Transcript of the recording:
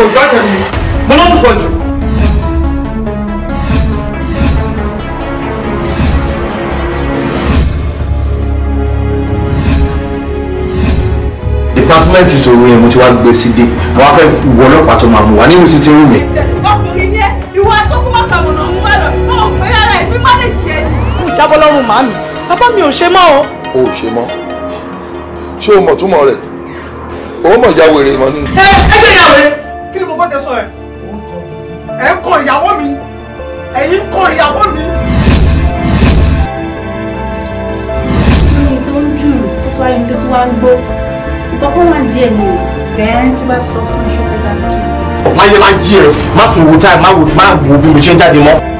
pọ̀ jù àtẹ̀mí mo ló ti pọ̀ jù. dìpátímẹ́ǹtì tó rú yẹn mo ti wá gbé sí dé àwọn afẹ́ wọ ọlọ́pàá tó máa mú wa nínú sítí rú mi. ọkùnrin yẹn ìwà tó kún wà kàwọn ọ̀nà mú wa lọ bí wọn pé ara ẹ̀mí má lè jẹ ẹ́. mo jábọ́ lọ́rùn màmí bàbá mi ò ṣe mọ́ o. o ò ṣe mọ́ ṣé o mọ̀ túmọ̀ rẹ̀ o mọ̀ ìyá wèrè mọ́ nínú. ẹ ẹ tẹ sọ ẹ ẹ ń kọ ìyàwó mi ẹ̀yin ń kọ ìyàwó mi. kíni tó ń jù tó tó wá yẹn tó tó wá ń gbó ìpapọ̀ wà díẹ̀ ni bẹ́ẹ̀ tí wàá sọ fún iṣẹ́ pé ká lójú. máa jí ẹ má tún wo táì má wo bí mo ṣe ń jáde mọ́.